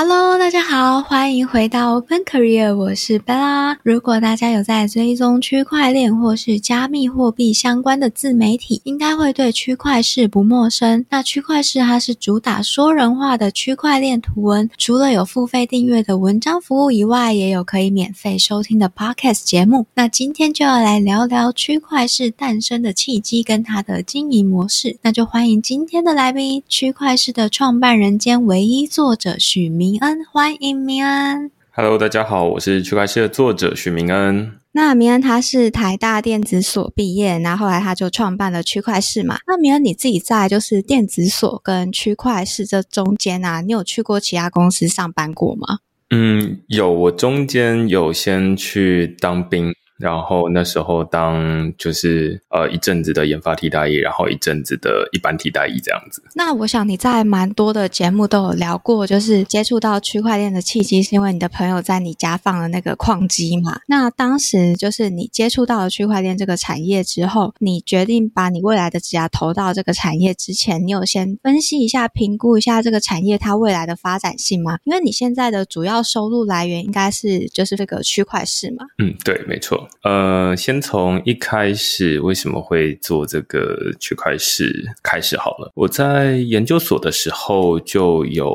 Hello，大家好，歡迎回到 Open Career，我是 Bella。如果大家有在追蹤區塊鏈或是加密貨幣相關的自媒體，應該會對區塊勢不陌生。那區塊勢它是主打說人話的區塊鏈圖文，除了有付費訂閱的文章服務以外，也有可以免費收聽的 podcast 節目。那今天就要來聊聊區塊勢誕生的契機跟它的經營模式。那就歡迎今天的來賓，區塊勢的創辦人兼唯一作者許明。明恩，歡迎明恩。Hello，大家好，我是區塊勢的作者許明恩。那明恩他是台大電子所畢業，然後後來他就創辦了區塊勢嘛。那明恩你自己在，就是電子所跟區塊勢這中間啊，你有去過其他公司上班過嗎？嗯，有，我中間有先去當兵。然後那時候當就是呃一陣子的研發替代役，然後一陣子的一般替代役這樣子。那我想你在蠻多的節目都有聊過，就是接觸到區塊鏈的契機是因為你的朋友在你家放了那個礦機嘛？那當時就是你接觸到了區塊鏈這個產業之後，你決定把你未來的職涯投到這個產業之前，你有先分析一下、評估一下這個產業它未來的發展性嗎？因為你現在的主要收入來源應該是就是這個區塊勢嘛？嗯，對，沒錯。呃，先從一開始為什麼會做這個區塊勢開始好了。我在研究所的時候就有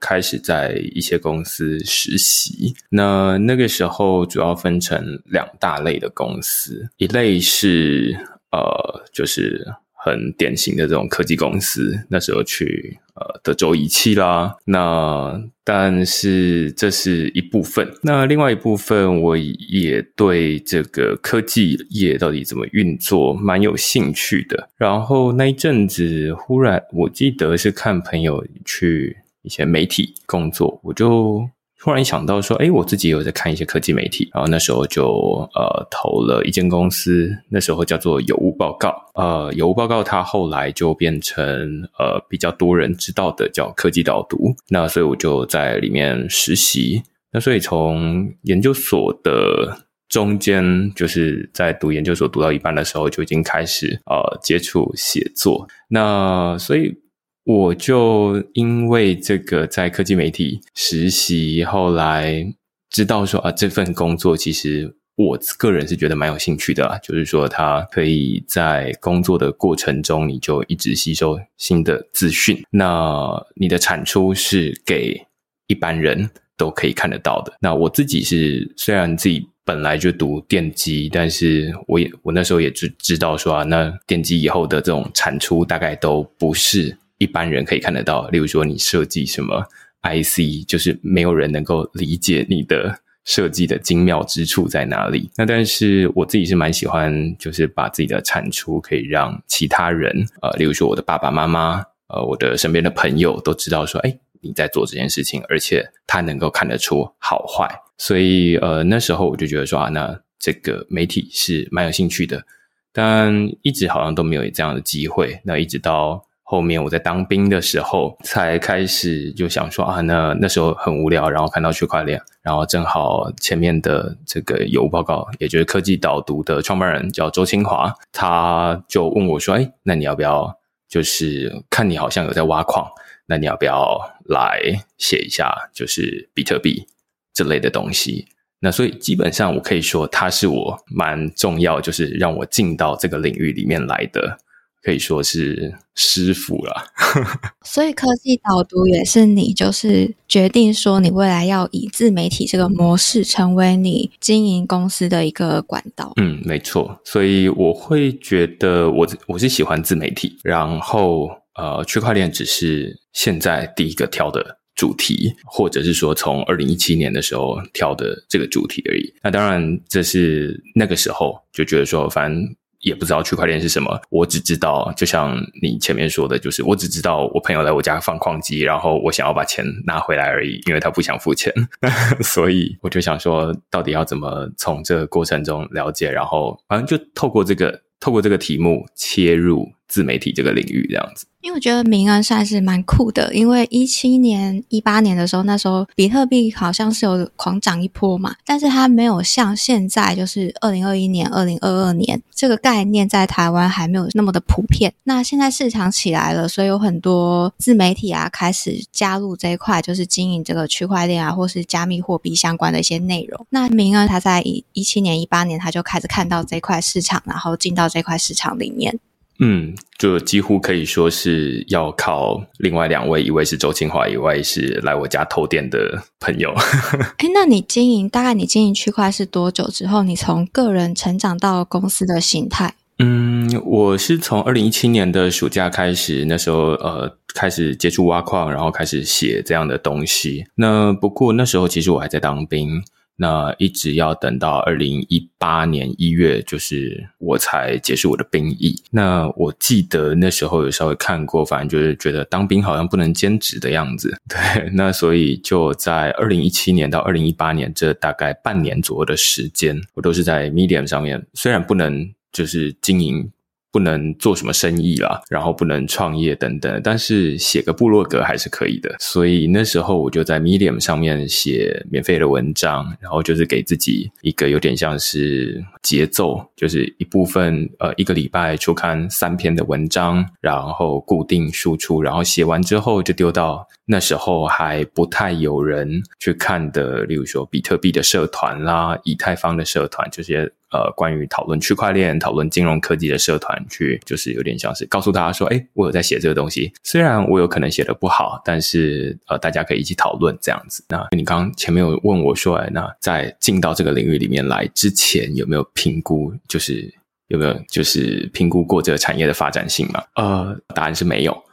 開始在一些公司實習。那那個時候主要分成兩大類的公司，一類是呃，就是。很典型的這種科技公司，那時候去呃德州儀器啦。那但是這是一部分，那另外一部分我也對這個科技業到底怎麼運作蠻有興趣的。然後那一陣子忽然我記得是看朋友去一些媒體工作，我就突然想到說，誒，我自己有在看一些科技媒體，然後那時候就呃投了一間公司，那時候叫做有物報告，呃，有物報告它後來就變成呃比較多人知道的叫科技島讀，那所以我就在裡面實習，那所以從研究所的中間，就是在讀研究所讀到一半的時候就已經開始呃接觸寫作，那所以，我就因為這個在科技媒體實習，後來知道說啊，這份工作其實我個人是覺得蠻有興趣的啊，就是說他可以在工作的過程中，你就一直吸收新的資訊。那你的產出是給一般人都可以看得到的。那我自己是，雖然自己本來就讀電機，但是我也，我那時候也知知道說啊，那電機以後的這種產出大概都不是。一般人可以看得到，例如說你設計什麼 IC，就是沒有人能夠理解你的設計的精妙之處在哪裡。那但是我自己是蠻喜歡，就是把自己的產出可以讓其他人，呃，例如說我的爸爸媽媽，呃，我的身邊的朋友都知道說，哎，你在做這件事情，而且他能夠看得出好壞。所以，呃，那時候我就覺得說，啊，那這個媒體是蠻有興趣的，但一直好像都沒有這樣的機會，那一直到。後面我在當兵的時候才開始就想說啊，那那時候很無聊，然後看到區塊鏈，然後正好前面的這個有報告，也就是科技導讀的創辦人叫周清華，他就問我說：“哎，那你要不要就是看你好像有在挖礦，那你要不要來寫一下就是比特幣這類的東西？”那所以基本上我可以說，他是我蠻重要，就是讓我進到這個領域裡面來的。可以說是師傅啦， 所以科技導讀也是你就是決定說你未來要以自媒體這個模式成為你經營公司的一個管道？嗯，沒錯。所以我會覺得我我是喜歡自媒體，然後呃，區塊鏈只是現在第一個挑的主題，或者是說從二零一七年的時候挑的這個主題而已。那當然，這是那個時候就覺得說，反正。也不知道區塊鏈是什麼，我只知道，就像你前面說的，就是我只知道我朋友來我家放礦機，然後我想要把錢拿回來而已，因為他不想付錢， 所以我就想說，到底要怎麼從這個過程中了解，然後反正就透過這個透過這個題目切入。自媒體這個領域這樣子，因為我覺得明恩算是蠻酷的，因為一七年、一八年的時候，那時候比特幣好像是有狂漲一波嘛，但是它沒有像現在，就是二零二一年、二零二二年這個概念在台灣還沒有那麼的普遍。那現在市場起來了，所以有很多自媒體啊開始加入這一塊，就是經營這個區塊鏈啊，或是加密貨幣相關的一些內容。那明恩他在一七年、一八年他就開始看到這塊市場，然後進到這塊市場裡面。嗯，就幾乎可以說是要靠另外兩位，一位是周清華，一位是來我家偷電的朋友。哎， 那你經營大概你經營區塊勢多久之後，你從個人成長到公司的形態？嗯，我是從二零一七年的暑假開始，那時候呃，開始接觸挖礦，然後開始寫這樣的東西。那不過那時候其實我還在當兵。那一直要等到二零一八年一月，就是我才結束我的兵役。那我記得那時候有稍微看過，反正就是覺得當兵好像不能兼職的樣子。對，那所以就在二零一七年到二零一八年這大概半年左右的時間，我都是在 Medium 上面，雖然不能就是經營。不能做什麼生意啦，然後不能創業等等，但是寫個部落格還是可以的。所以那時候我就在 Medium 上面寫免費的文章，然後就是給自己一個有點像是節奏，就是一部分呃一個禮拜出刊三篇的文章，然後固定輸出，然後寫完之後就丟到那時候還不太有人去看的，例如說比特幣的社團啦、以太坊的社團這些。呃，關於討論區塊鏈、討論金融科技的社團去，就是有點像是告訴大家說，誒我有在寫這個東西，雖然我有可能寫得不好，但是呃，大家可以一起討論這樣子。那你剛剛前面有問我說，哎，那在進到這個領域裡面來之前，有沒有評估，就是有沒有就是評估過這個產業的發展性嗎？呃，答案是沒有，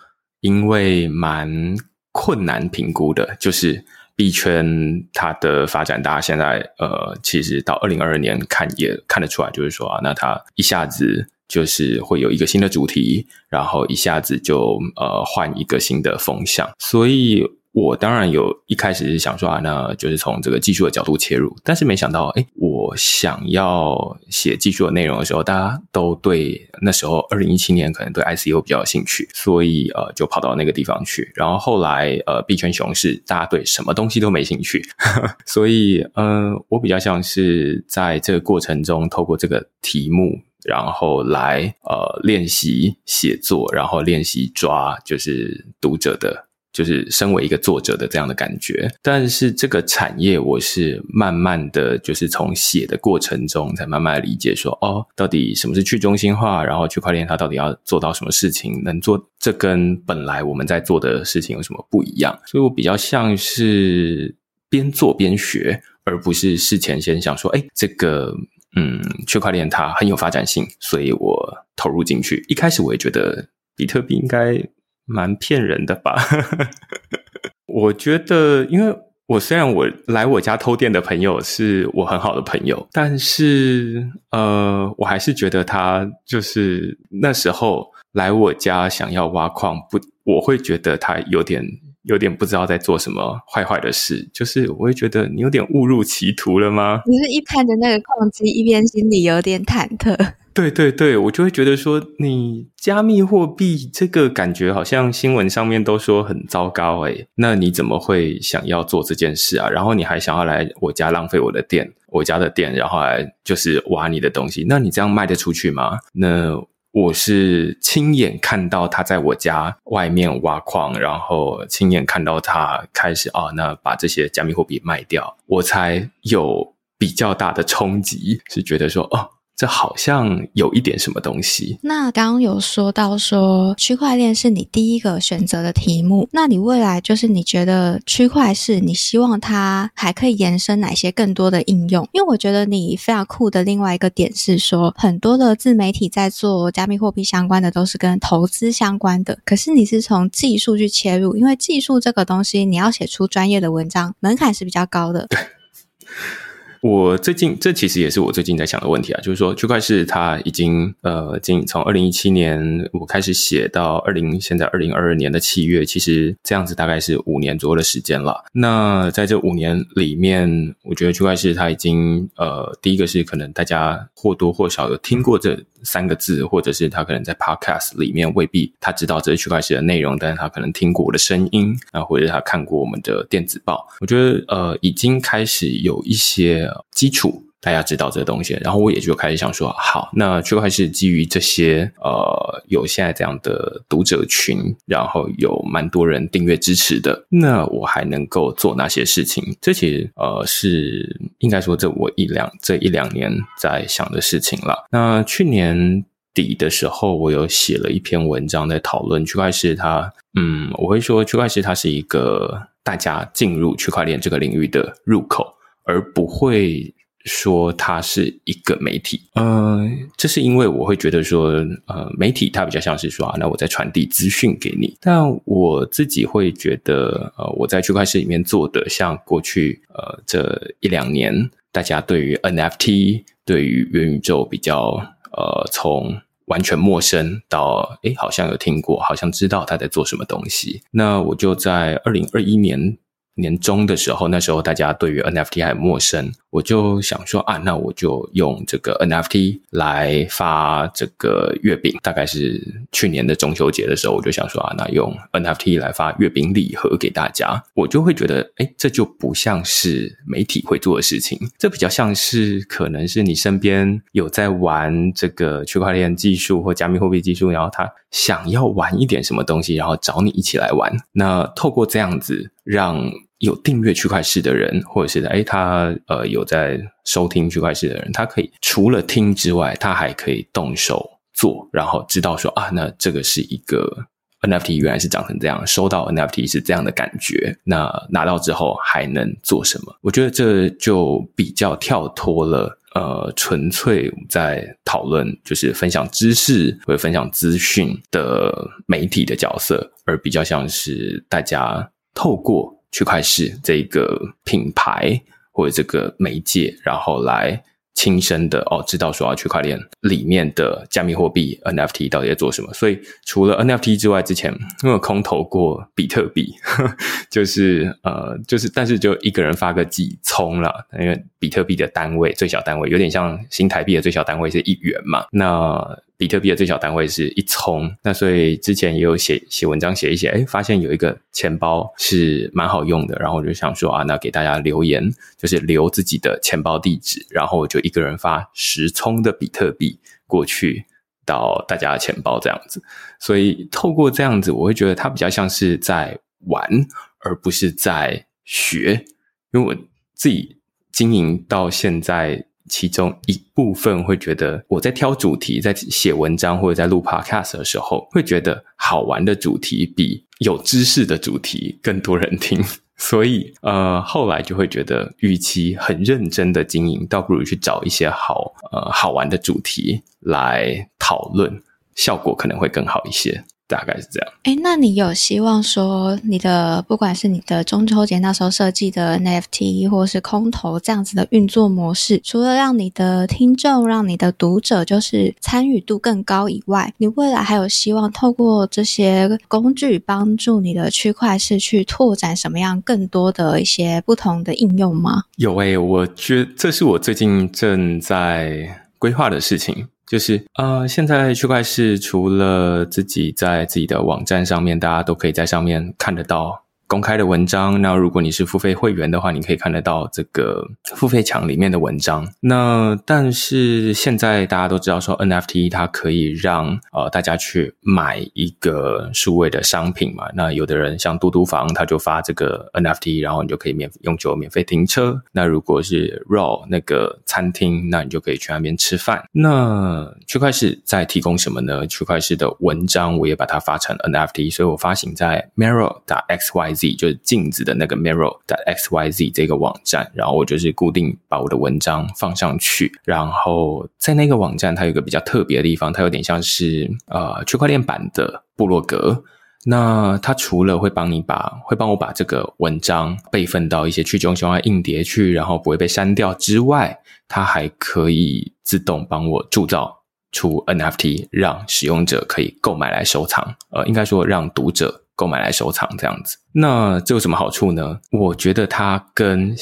因為蠻困難評估的，就是。幣圈它的發展，大家現在呃，其實到2022年看也看得出來，就是說啊，那它一下子就是會有一個新的主題，然後一下子就呃換一個新的風向，所以。我當然有一開始是想說，啊，那就是從這個技術的角度切入，但是沒想到，哎，我想要寫技術的內容的時候，大家都對那時候二零一七年可能對 ICO 比較有興趣，所以呃，就跑到那個地方去。然後後來呃，幣圈熊市，大家對什麼東西都沒興趣， 所以嗯、呃、我比較像是在這個過程中，透過這個題目，然後來呃練習寫作，然後練習抓就是讀者的。就是身為一個作者的這樣的感覺，但是這個產業我是慢慢的就是從寫的過程中才慢慢的理解說，哦，到底什麼是去中心化，然後區塊鏈它到底要做到什麼事情，能做，這跟本來我們在做的事情有什麼不一樣？所以我比較像是邊做邊學，而不是事前先想說，哎，這個嗯，區塊鏈它很有發展性，所以我投入進去。一開始我也覺得比特幣應該。蠻騙人的吧， 我覺得，因為我雖然我來我家偷電的朋友是我很好的朋友，但是呃，我還是覺得他就是那時候來我家想要挖礦，不，我會覺得他有點有點不知道在做什麼壞壞的事，就是我會覺得你有點誤入歧途了嗎？你是一看着那個礦機，一邊心裡有點忐忑。對對對，我就會覺得說，你加密貨幣這個感覺好像新聞上面都說很糟糕誒、欸、那你怎麼會想要做這件事啊？然後你還想要來我家浪費我的電，我家的電，然後來就是挖你的東西，那你這樣賣得出去嗎？那我是親眼看到他在我家外面挖礦，然後親眼看到他開始啊、哦，那把這些加密貨幣賣掉，我才有比較大的衝擊，是覺得說哦。這好像有一點什麼東西。那剛剛有說到說區塊鏈是你第一個選擇的題目，那你未來就是你覺得區塊鏈你希望它還可以延伸哪些更多的應用？因為我覺得你非常酷的另外一個點是說，很多的自媒體在做加密貨幣相關的都是跟投資相關的，可是你是從技術去切入，因為技術這個東西你要寫出專業的文章，門檻是比較高的。 我最近，這其實也是我最近在想的問題啊，就是說區塊勢它已經呃，經從二零一七年我開始寫到二零現在二零二二年的七月，其實這樣子大概是五年左右的時間了。那在這五年裡面，我覺得區塊勢它已經呃，第一個是可能大家或多或少有聽過這三個字，或者是他可能在 podcast 裡面未必他知道這是區塊勢的內容，但是他可能聽過我的聲音，啊，或者他看過我們的電子報。我覺得呃，已經開始有一些。基礎，大家知道這個東西，然後我也就開始想說，好，那區塊勢是基於這些呃，有現在這樣的讀者群，然後有蠻多人訂閱支持的，那我還能夠做哪些事情？這其實呃是應該說，這我一兩這一兩年在想的事情了。那去年底的時候，我有寫了一篇文章在討論區塊勢，它嗯，我會說區塊勢它是一個大家進入區塊鏈這個領域的入口。而不會說它是一個媒體，呃，這是因為我會覺得說，呃，媒體它比較像是說啊，那我在傳遞資訊給你。但我自己會覺得，呃，我在區塊鏈裡面做的，像過去呃這一兩年，大家對於 NFT、對於元宇宙比較呃從完全陌生到，誒，好像有聽過，好像知道他在做什麼東西。那我就在二零二一年。年中的時候，那時候大家對於 NFT 還陌生，我就想說啊，那我就用這個 NFT 來發這個月餅。大概是去年的中秋節的時候，我就想說啊，那用 NFT 來發月餅禮盒給大家，我就會覺得，哎，這就不像是媒體會做的事情，這比較像是可能是你身邊有在玩這個區塊鏈技術或加密貨幣技術，然後他想要玩一點什麼東西，然後找你一起來玩。那透過這樣子讓。有訂閱區塊勢的人，或者是哎，他、欸、呃，有在收聽區塊勢的人，他可以除了聽之外，他還可以動手做，然後知道說啊，那這個是一個 NFT，原來是長成這樣，收到 NFT 是這樣的感覺，那拿到之後還能做什麼？我覺得這就比較跳脫了，呃，純粹在討論就是分享知識或者分享資訊的媒體的角色，而比較像是大家透過。區塊勢這個品牌或者這個媒介，然後來親身的哦，知道說啊，區塊鏈裡面的加密貨幣 NFT 到底在做什麼。所以除了 NFT 之外，之前因為空投過比特幣，呵就是呃，就是但是就一個人發個幾聰了，因為比特幣的單位最小單位有點像新台幣的最小單位是一元嘛，那。比特幣的最小單位是一聰，那所以之前也有寫寫文章寫一寫，哎，發現有一個錢包是蠻好用的，然後我就想說啊，那給大家留言，就是留自己的錢包地址，然後我就一個人發十聰的比特幣過去到大家的錢包這樣子，所以透過這樣子，我會覺得它比較像是在玩，而不是在學，因為我自己經營到現在。其中一部分會覺得，我在挑主題、在寫文章或者在錄 podcast 的時候，會覺得好玩的主題比有知識的主題更多人聽。所以，呃，後來就會覺得，與其很認真的經營，倒不如去找一些好呃好玩的主題來討論，效果可能會更好一些。大概是這樣。哎、欸，那你有希望說你的不管是你的中秋節那時候設計的 NFT，或是空投這樣子的運作模式，除了讓你的聽眾、讓你的讀者就是參與度更高以外，你未來還有希望透過這些工具幫助你的區塊勢去拓展什麼樣更多的一些不同的應用嗎？有誒、欸，我覺得這是我最近正在規劃的事情。就是呃，現在區塊勢除了自己在自己的網站上面，大家都可以在上面看得到，公開的文章，那如果你是付費會員的話，你可以看得到這個付費牆裡面的文章。那但是現在大家都知道說 NFT 它可以讓呃大家去買一個數位的商品嘛。那有的人像嘟嘟房，他就發這個 NFT，然後你就可以免永久免費停車。那如果是 RAW 那個餐廳，那你就可以去那邊吃飯。那區塊勢是在提供什麼呢？區塊勢的文章我也把它發成 NFT，所以我發行在 Mirror 點 xyz。z 就是鏡子的那個 mirror.xyz 這個網站，然後我就是固定把我的文章放上去，然後在那個網站，它有一個比較特別的地方，它有點像是呃區塊鏈版的部落格。那它除了會幫你把會幫我把這個文章備份到一些去中心化硬碟去，然後不會被刪掉之外，它還可以自動幫我鑄造出 NFT，讓使用者可以購買來收藏。呃，應該說讓讀者。購買來收藏這樣子，那這有什麼好處呢？我覺得它跟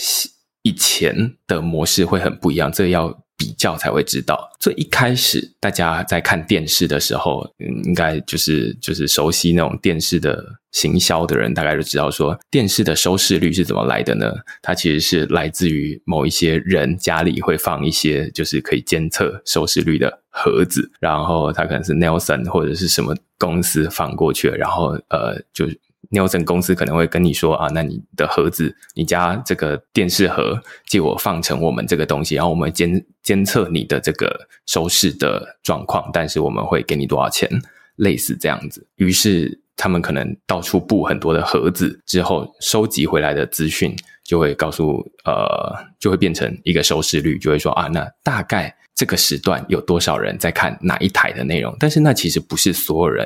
以前的模式會很不一樣，這要比較才會知道，所以一開始大家在看電視的時候，應該就是就是熟悉那種電視的行銷的人，大概就知道說電視的收視率是怎麼來的呢？它其實是來自於某一些人家裡會放一些就是可以監測收視率的盒子，然後它可能是 Nielsen 或者是什麼公司放過去，然後呃就。Nielsen 公司可能會跟你說啊，那你的盒子，你家這個電視盒借我放成我們這個東西，然後我們監監測你的這個收視的狀況，但是我們會給你多少錢，類似這樣子。於是他們可能到處布很多的盒子，之後收集回來的資訊就會告訴呃，就會變成一個收視率，就會說啊，那大概這個時段有多少人在看哪一台的內容？但是那其實不是所有人，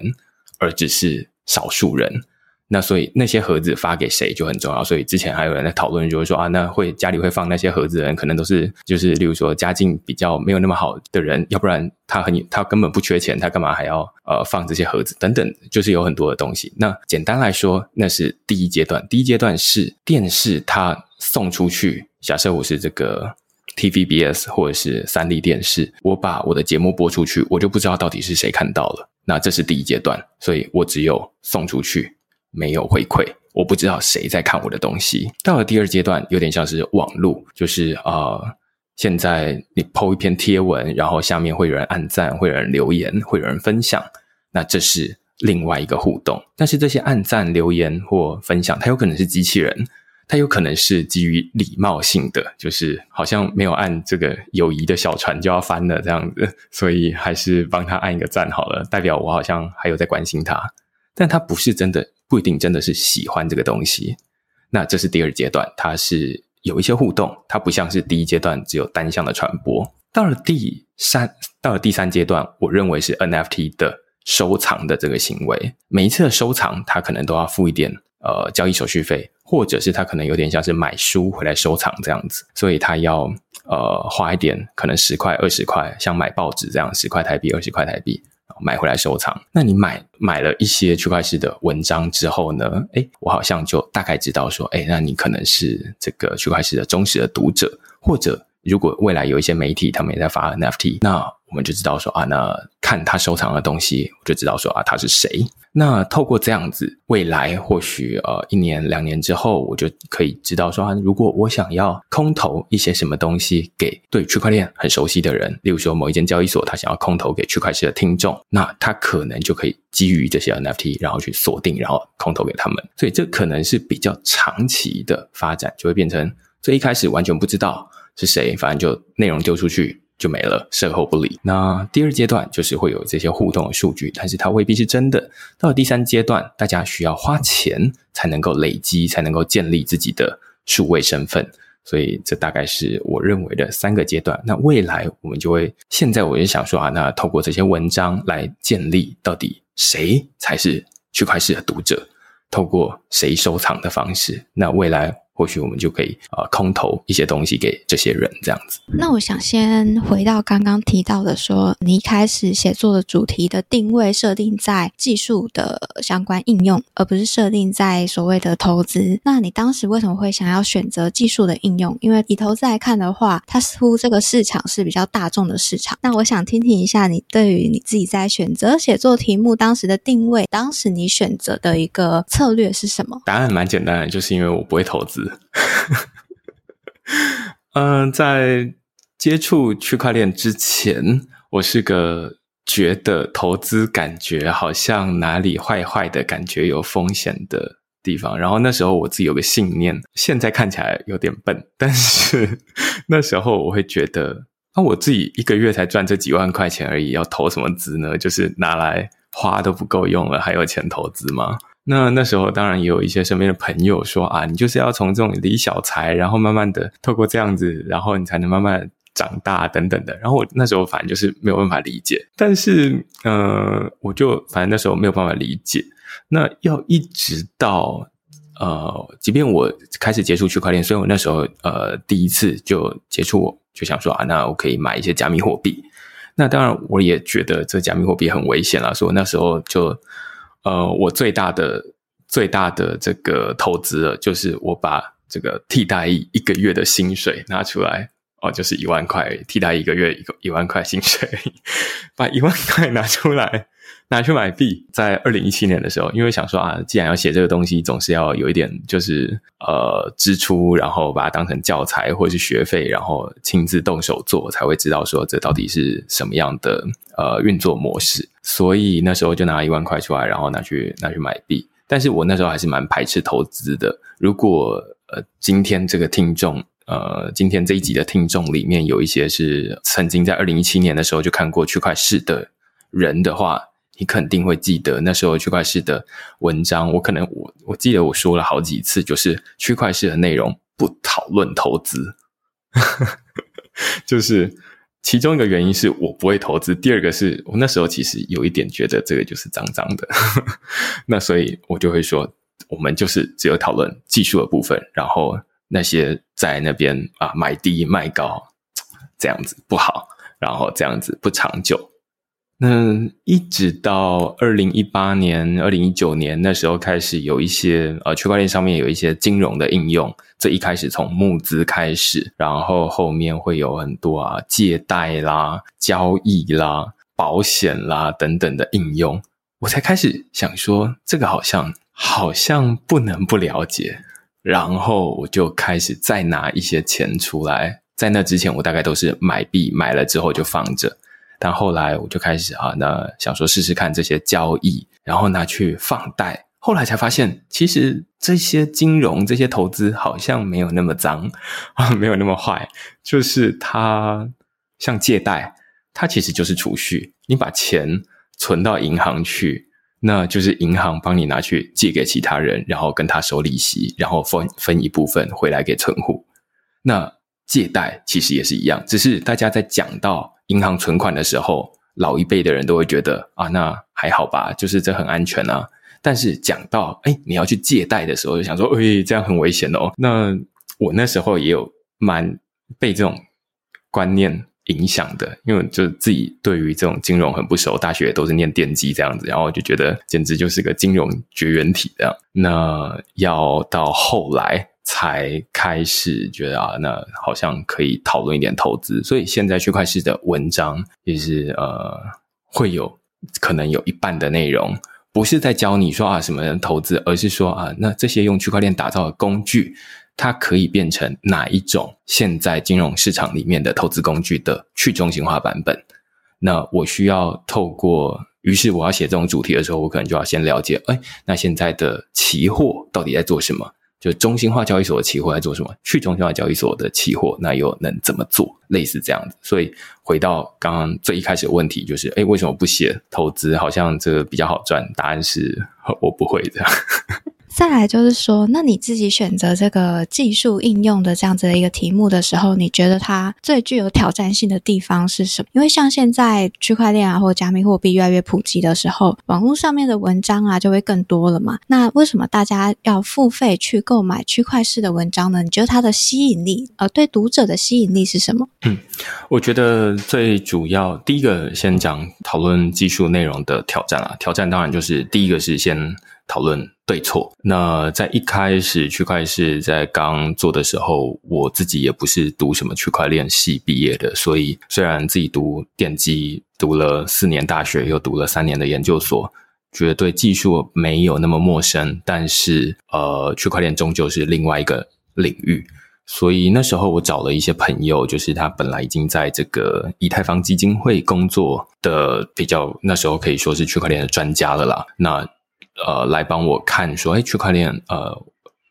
而只是少數人。那所以那些盒子發給誰就很重要。所以之前還有人在討論，就是說啊，那會家裡會放那些盒子的人，可能都是就是例如說家境比較沒有那麼好的人，要不然他很他根本不缺錢，他幹嘛還要呃放這些盒子等等，就是有很多的東西。那簡單來說，那是第一階段。第一階段是電視它送出去。假設我是這個 TVBS 或者是三 D 電視，我把我的節目播出去，我就不知道到底是誰看到了。那這是第一階段，所以我只有送出去。沒有回饋，我不知道誰在看我的東西。到了第二階段，有點像是網路，就是啊、呃，現在你 PO 一篇貼文，然後下面會有人按讚，會有人留言，會有人分享，那這是另外一個互動。但是這些按讚、留言或分享，它有可能是機器人，它有可能是基於禮貌性的，就是好像沒有按這個友誼的小船就要翻了這樣子，所以還是幫他按一個讚好了，代表我好像還有在關心他，但他不是真的。不一定真的是喜歡這個東西，那這是第二階段，它是有一些互動，它不像是第一階段只有單向的傳播。到了第三，到了第三階段，我認為是 NFT 的收藏的這個行為。每一次的收藏，它可能都要付一點呃交易手續費，或者是它可能有點像是買書回來收藏這樣子，所以它要呃花一點，可能十塊二十塊，像買報紙這樣，十塊台幣，二十塊台幣。買回來收藏。那你買買了一些區塊勢的文章之後呢？哎，我好像就大概知道說，哎，那你可能是這個區塊勢的忠實的讀者。或者，如果未來有一些媒體他們也在發 NFT，那，我們就知道說啊，那看他收藏的東西，我就知道說啊，他是誰。那透過這樣子，未來或許呃，一年兩年之後，我就可以知道說啊，如果我想要空投一些什麼東西給對區塊鏈很熟悉的人，例如說某一間交易所，他想要空投給區塊勢的聽眾，那他可能就可以基於這些 NFT，然後去鎖定，然後空投給他們。所以這可能是比較長期的發展，就會變成所以一開始完全不知道是誰，反正就內容丟出去。就沒了，售後不理。那第二階段就是會有這些互動的數據，但是它未必是真的。到了第三階段，大家需要花錢才能夠累積，才能夠建立自己的數位身份。所以這大概是我認為的三個階段。那未來我們就會，現在我就想說啊，那透過這些文章來建立，到底誰才是區塊勢的讀者？透過誰收藏的方式？那未來？或許我們就可以啊、呃，空投一些東西給這些人這樣子。那我想先回到剛剛提到的說，說你一開始寫作的主題的定位設定在技術的相關應用，而不是設定在所謂的投資。那你當時為什麼會想要選擇技術的應用？因為以投資來看的話，它似乎這個市場是比較大眾的市場。那我想聽聽一下，你對於你自己在選擇寫作題目當時的定位，當時你選擇的一個策略是什麼？答案蠻簡單的，就是因為我不會投資。 嗯，在接觸區塊鏈之前，我是個覺得投資感覺好像哪裡壞壞的感覺，有風險的地方。然後那時候我自己有個信念，現在看起來有點笨，但是那時候我會覺得，那、啊、我自己一個月才賺這幾萬塊錢而已，要投什麼資呢？就是拿來花都不夠用了，還有錢投資嗎？那那時候當然也有一些身邊的朋友說啊，你就是要從這種理小財，然後慢慢的透過這樣子，然後你才能慢慢長大等等的。然後我那時候反正就是沒有辦法理解，但是嗯、呃，我就反正那時候沒有辦法理解。那要一直到呃，即便我開始接觸區塊鏈，所以我那時候呃第一次就接觸，我就想說啊，那我可以買一些加密貨幣。那當然我也覺得這加密貨幣很危險啦，所以我那時候就。呃，我最大的最大的這個投資了，就是我把這個替代一個月的薪水拿出來哦，就是一萬塊替代一個月一個一萬塊薪水，把一萬塊拿出來拿去買幣，在二零一七年的時候，因為想說啊，既然要寫這個東西，總是要有一點就是呃支出，然後把它當成教材或者是學費，然後親自動手做，才會知道說這到底是什麼樣的呃運作模式。所以那時候就拿一萬塊出來，然後拿去拿去買幣。但是我那時候還是蠻排斥投資的。如果呃，今天這個聽眾，呃，今天這一集的聽眾裡面有一些是曾經在二零一七年的時候就看過區塊勢的人的話，你肯定會記得那時候區塊勢的文章。我可能我我記得我說了好幾次，就是區塊勢的內容不討論投資， 就是。其中一個原因是我不會投資，第二個是我那時候其實有一點覺得這個就是髒髒的，呵呵，那所以我就會說，我們就是只有討論技術的部分，然後那些在那邊啊買低賣高這樣子不好，然後這樣子不長久。那一直到2018年、2019年那時候開始，有一些呃，區塊鏈上面有一些金融的應用。這一開始從募資開始，然後後面會有很多啊，借貸啦、交易啦、保險啦等等的應用。我才開始想說，這個好像好像不能不了解。然後我就開始再拿一些錢出來。在那之前，我大概都是買幣，買了之後就放着。那後來我就開始啊，那想說試試看這些交易，然後拿去放貸。後來才發現，其實這些金融、這些投資好像沒有那麼髒啊，沒有那麼壞。就是它像借貸，它其實就是儲蓄。你把錢存到銀行去，那就是銀行幫你拿去借給其他人，然後跟他收利息，然後分分一部分回來給存戶。那借貸其實也是一樣，只是大家在講到銀行存款的時候，老一輩的人都會覺得啊，那還好吧，就是這很安全啊。但是講到哎，你要去借貸的時候，就想說，哎，這樣很危險哦。那我那時候也有蠻被這種觀念影響的，因為就自己對於這種金融很不熟，大學都是念電機這樣子，然後就覺得簡直就是個金融絕緣體這樣。那要到後來。才開始覺得啊，那好像可以討論一點投資。所以現在區塊勢的文章也是呃，會有可能有一半的內容不是在教你說啊什麼人投資，而是說啊，那這些用區塊鏈打造的工具，它可以變成哪一種現在金融市場裡面的投資工具的去中心化版本？那我需要透過，於是我要寫這種主題的時候，我可能就要先了解，哎，那現在的期貨到底在做什麼？就中心化交易所的期貨在做什麼？去中心化交易所的期貨那又能怎麼做？類似這樣子。所以回到剛剛最一開始的問題，就是哎，為什麼不寫投資？好像這個比較好賺？答案是我不會這樣。 再來就是說，那你自己選擇這個技術應用的這樣子的一個題目的時候，你覺得它最具有挑戰性的地方是什麼？因為像現在區塊鏈啊，或者加密貨幣越來越普及的時候，網絡上面的文章啊就會更多了嘛。那為什麼大家要付費去購買區塊勢的文章呢？你覺得它的吸引力，呃，對讀者的吸引力是什麼？嗯，我覺得最主要第一個先講討論技術內容的挑戰啊，挑戰當然就是第一個是先。討論對錯。那在一開始，區塊勢在剛做的時候，我自己也不是讀什麼區塊鏈系畢業的，所以雖然自己讀電機，讀了四年大學，又讀了三年的研究所，覺得對技術沒有那麼陌生，但是呃，區塊鏈終究是另外一個領域，所以那時候我找了一些朋友，就是他本來已經在這個以太坊基金會工作的比較，那時候可以說是區塊鏈的專家了啦。那呃，來幫我看，說，哎，區塊鏈，呃，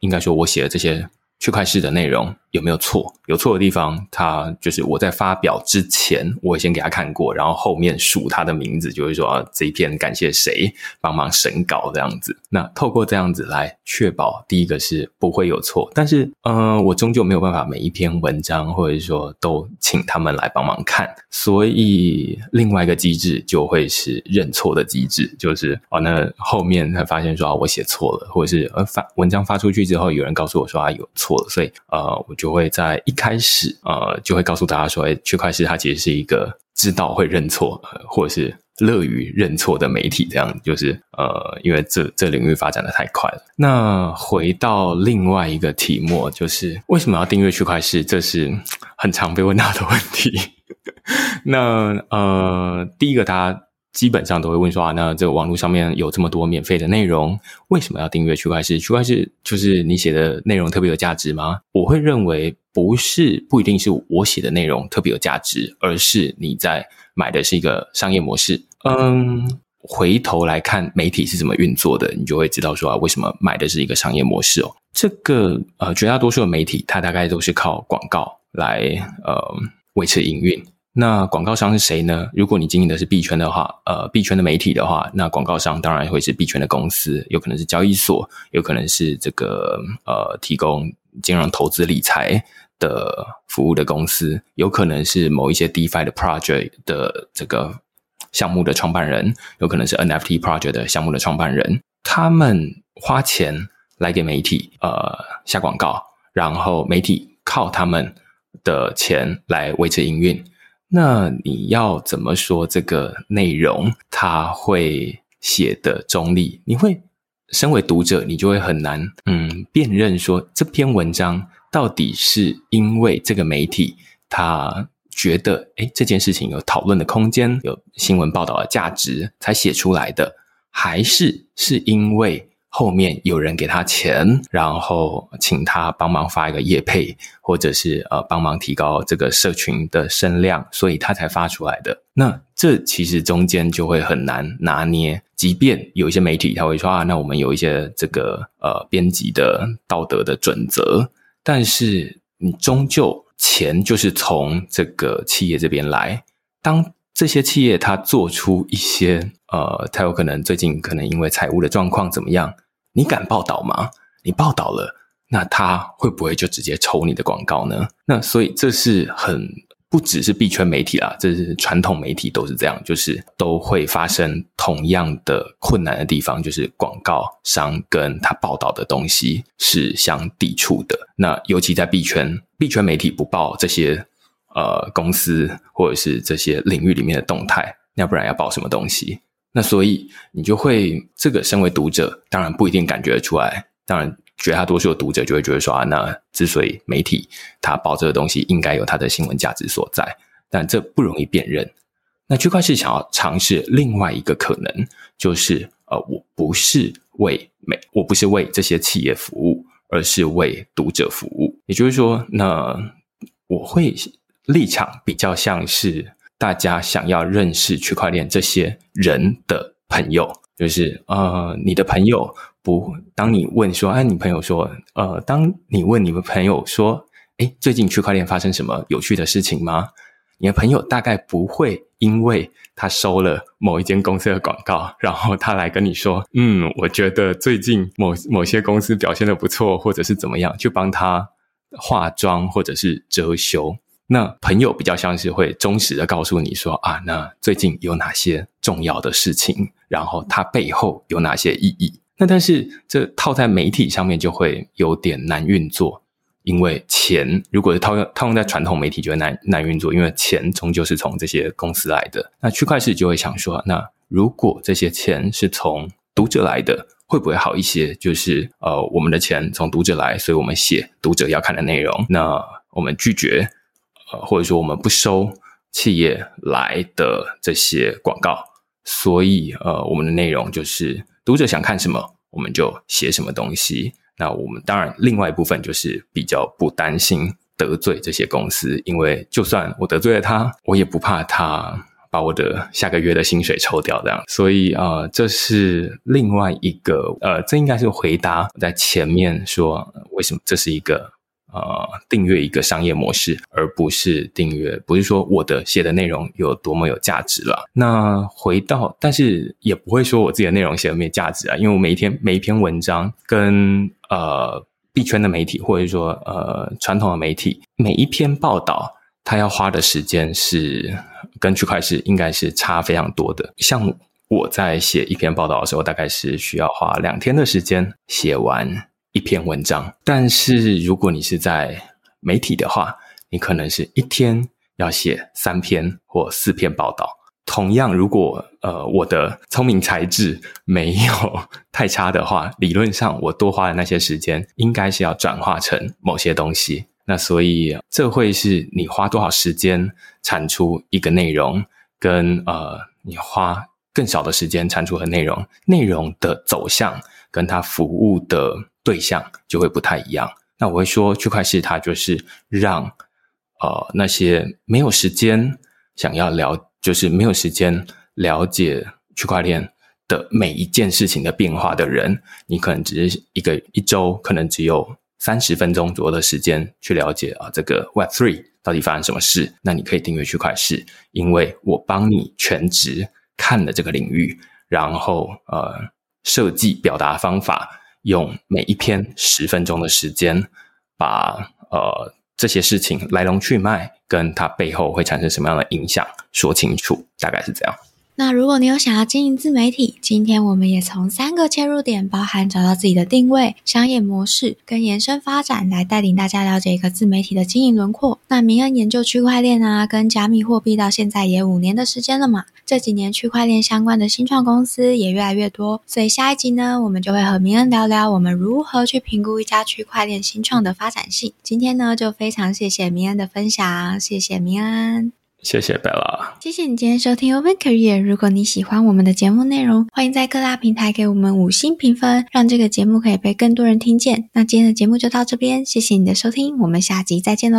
應該說，我寫的這些區塊勢的內容。有沒有錯？有錯的地方，他就是我在發表之前，我先給他看過，然後後面署他的名字，就是說啊，這一篇感謝誰幫忙審稿這樣子。那透過這樣子來確保第一個是不會有錯。但是，呃，我終究沒有辦法每一篇文章或者說都請他們來幫忙看，所以另外一個機制就會是認錯的機制，就是啊，那後面才發現說啊，我寫錯了，或者是呃發、啊、文章發出去之後，有人告訴我說啊有錯了，所以呃，我覺。就會在一開始，呃，就會告訴大家說，欸、區塊勢它其實是一個知道會認錯，呃、或者是樂於認錯的媒體。這樣就是，呃，因為這這領域發展得太快了。那回到另外一個題目，就是為什麼要訂閱區塊勢，這是很常被問到的問題。 那呃，第一個大家。基本上都會問說啊，那這個網絡上面有這麼多免費的內容，為什麼要訂閱區塊勢？區塊勢就是你寫的內容特別有價值嗎？我會認為不是，不一定是我寫的內容特別有價值，而是你在買的是一個商業模式。嗯，回頭來看媒體是怎麼運作的，你就會知道說啊，為什麼買的是一個商業模式哦？這個呃，絕大多數的媒體，它大概都是靠廣告來呃維持營運。那廣告商是誰呢？如果你經營的是幣圈的話，呃，幣圈的媒體的話，那廣告商當然會是幣圈的公司，有可能是交易所，有可能是這個呃提供金融投資理財的服務的公司，有可能是某一些 DeFi 的 project 的這個項目的創辦人，有可能是 NFT project 的項目的創辦人，他們花錢來給媒體呃下廣告，然後媒體靠他們的錢來維持營運。那你要怎麼說這個內容，他會寫的中立，你會身為讀者，你就會很難嗯辨認說這篇文章到底是因為這個媒體他覺得誒這件事情有討論的空間，有新聞報道的價值才寫出來的，還是是因為？後面有人給他錢，然後請他幫忙發一個業配，或者是呃幫忙提高這個社群的聲量，所以他才發出來的。那這其實中間就會很難拿捏。即便有一些媒體他會說啊，那我們有一些這個呃編輯的道德的準則，但是你終究錢就是從這個企業這邊來。當這些企業他做出一些，呃，他有可能最近可能因為財務的狀況怎麼樣，你敢報道嗎？你報道了，那他會不會就直接抽你的廣告呢？那所以這是很，不只是幣圈媒體啦，這是傳統媒體都是這樣，就是都會發生同樣的困難的地方，就是廣告商跟他報道的東西是相抵觸的。那尤其在幣圈，幣圈媒體不報這些。呃，公司或者是這些領域裡面的動態，要不然要報什麼東西？那所以你就會，這個身為讀者，當然不一定感覺得出來。當然，絕大多數的讀者就會覺得說，啊，那之所以媒體他報這個東西，應該有它的新聞價值所在，但這不容易辨認。那區塊勢想要嘗試另外一個可能，就是呃，我不是為媒，我不是為這些企業服務，而是為讀者服務。也就是說，那我會。立場比較像是大家想要認識區塊鏈這些人的朋友，就是呃，你的朋友不，當你問說，哎、啊，你朋友說，呃，當你問你的朋友說，哎，最近區塊鏈發生什麼有趣的事情嗎？你的朋友大概不會因為他收了某一間公司的廣告，然後他來跟你說，嗯，我覺得最近某某些公司表現得不錯，或者是怎麼樣，就幫他化妝或者是遮羞。那朋友比較像是會忠實的告訴你說啊，那最近有哪些重要的事情，然後它背後有哪些意義？那但是這套在媒體上面就會有點難運作，因為錢如果是套用套用在傳統媒體，就會難難運作，因為錢終究是從這些公司來的。那區塊勢就會想說，那如果這些錢是從讀者來的，會不會好一些？就是呃，我們的錢從讀者來，所以我們寫讀者要看的內容。那我們拒絕。呃，或者說我們不收企業來的這些廣告，所以呃，我們的內容就是讀者想看什麼，我們就寫什麼東西。那我們當然另外一部分就是比較不擔心得罪這些公司，因為就算我得罪了他，我也不怕他把我的下個月的薪水抽掉這樣。所以啊，呃，這是另外一個呃，這應該是回答我在前面說，呃，為什麼這是一個。呃，訂閱一個商業模式，而不是訂閱，不是說我的寫的內容有多麼有價值了。那回到，但是也不會說我自己的內容寫的沒有價值啊，因為我每一天每一篇文章跟，跟呃幣圈的媒體或者是說呃傳統的媒體，每一篇報道，它要花的時間是跟區塊勢應該是差非常多的。像我在寫一篇報道的時候，大概是需要花兩天的時間寫完。一篇文章，但是如果你是在媒體的話，你可能是一天要寫三篇或四篇報道。同樣，如果呃我的聰明才智沒有太差的話，理論上我多花的那些時間，應該是要轉化成某些東西。那所以這會是你花多少時間產出一個內容，跟呃你花更少的時間產出的內容，內容的走向跟它服務的對象就會不太一樣。那我會說，區塊勢它就是讓呃那些沒有時間想要聊，就是沒有時間了解區塊鏈的每一件事情的變化的人，你可能只是一個一周可能只有三十分鐘左右的時間去了解啊、呃，這個 Web Three 到底發生什麼事。那你可以訂閱區塊勢，因為我幫你全職看了這個領域，然後呃設計表達方法，用每一篇十分鐘的時間，把，呃，這些事情來龍去脈，跟它背後會產生什麼樣的影響說清楚，大概是這樣。那如果你有想要經營自媒體，今天我們也從三個切入點，包含找到自己的定位、商業模式跟延伸發展，來帶領大家了解一個自媒體的經營輪廓。那明恩研究區塊鏈呢、啊？跟加密貨幣到現在也五年的時間了嘛，這幾年區塊鏈相關的新創公司也越來越多，所以下一集呢，我們就會和明恩聊聊我們如何去評估一家區塊鏈新創的發展性。今天呢，就非常謝謝明恩的分享，謝謝明恩。謝謝 Bella，謝謝你今天收聽 Open Career。如果你喜歡我們的節目內容，歡迎在各大平台給我們五星評分，讓這個節目可以被更多人聽見。那今天的節目就到這邊，謝謝你的收聽，我們下集再見嘍。